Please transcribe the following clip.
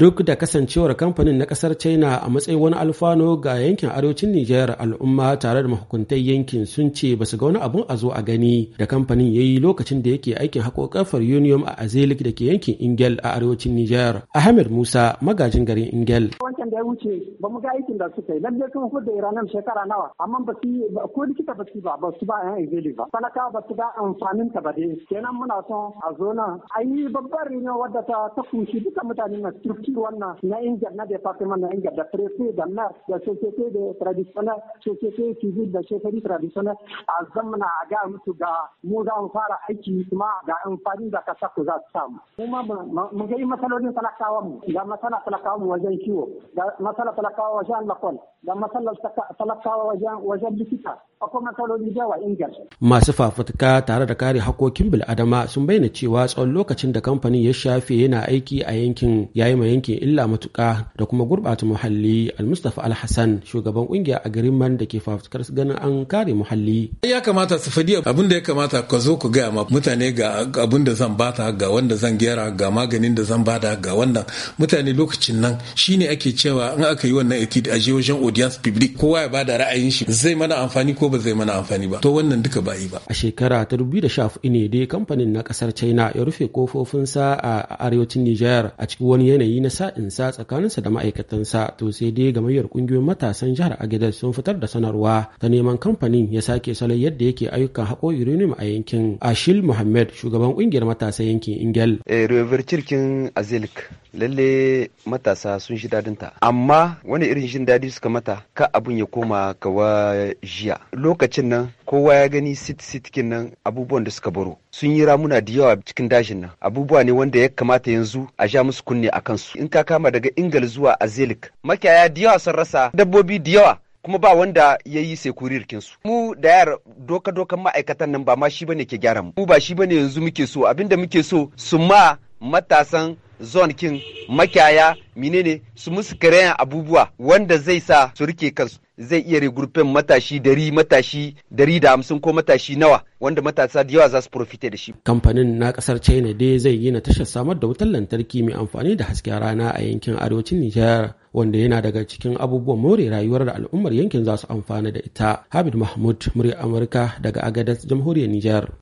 duk da kasancewar kamfanin na kasar china a matsayin wani alfano ga yankin arewacin nijar al'umma tare da mahukuntar yankin sun ce ba su ga wani abun a zo a gani da kamfanin ya yi lokacin da yake aikin haƙo kafar union a azelik da ke yankin ingel a arewacin nijar ahmed musa magajin garin ingel da ya wuce ba mu ga aikin da suka yi lalle ko da iranin shekara nawa amma ba su ko likita ba su ba ba su ba yan izili ba talaka ba su ga amfanin ta ba dai kenan muna son a zo nan ayi yi babbar rinyar wadda ta ta kunshi duka mutane na turki wannan na injiyar na department na injiyar da prefe da na da societe da traditional societe civil da shekaru traditional a zamana a ga musu ga mu za mu fara aiki kuma ga amfanin da kasa ku za su samu kuma mun ga yi matsalolin talakawan mu ga matsala talakawan mu wajen kiwo da likita akwai matsaloli da yawa Masu fafutuka tare da kare hakokin bil'adama sun bayyana cewa tsawon lokacin da kamfanin ya shafe yana aiki a yankin yayi ma yankin illa matuka da kuma gurbata muhalli almustafa alhassan shugaban kungiya a garin man da ke fafutukar ganin an kare muhalli. ya kamata su fadi abin da ya kamata ka zo ku gaya ma mutane ga abin da zan bata ga wanda zan gyara ga maganin da zan bada ga wannan mutane lokacin nan shine ake ce cewa in aka yi wannan etid a je wajen audience public kowa ya bada ra'ayin shi zai mana amfani ko ba zai mana amfani ba to wannan duka ba yi ba a shekara ta 2014 ne dai kamfanin na kasar China ya rufe kofofinsa a arewacin niger a cikin wani yanayi na tsakanin tsakaninsa da ma'aikatansa to sai dai gamayyar kungiyoyin matasan jihar Agadez sun fitar da sanarwa ta neman kamfanin ya sake salon yadda yake ayyukan haƙo uranium a yankin Ashil Muhammad shugaban kungiyar matasan yankin Ingel. Eh, Revercirkin azilk lalle matasa sun shi dadin ta amma wani irin jin dadi suka mata ka abun ya koma kawa jiya lokacin nan kowa ya gani sit sit nan abubuwan da suka baro sun yi ramuna da yawa cikin dajin nan abubuwa ne wanda ya kamata yanzu a ja musu kunne a kansu in ka kama daga ingal zuwa azelik makiyaya da yawa sun rasa dabbobi da yawa kuma ba wanda ya yi sekurir su. Mu da yar doka-dokan ma'aikatan nan ba ma shi bane ke gyara mu. Mu ba shi bane yanzu muke so abinda muke so su ma matasan zone kin makiyaya menene su musu kareyan abubuwa wanda zai sa su rike kansu zai iya regurfen matashi dari matashi dari da hamsin ko matashi nawa wanda matasa da yawa za su profite da shi. Kamfanin na kasar China dai zai gina tashar samar da wutar lantarki mai amfani da hasken rana a yankin arewacin Nijar wanda yana daga cikin abubuwan more rayuwar da al'ummar yankin za su amfana da ita. Habib Mahmud, murya Amurka daga Agadez, Jamhuriyar Nijar.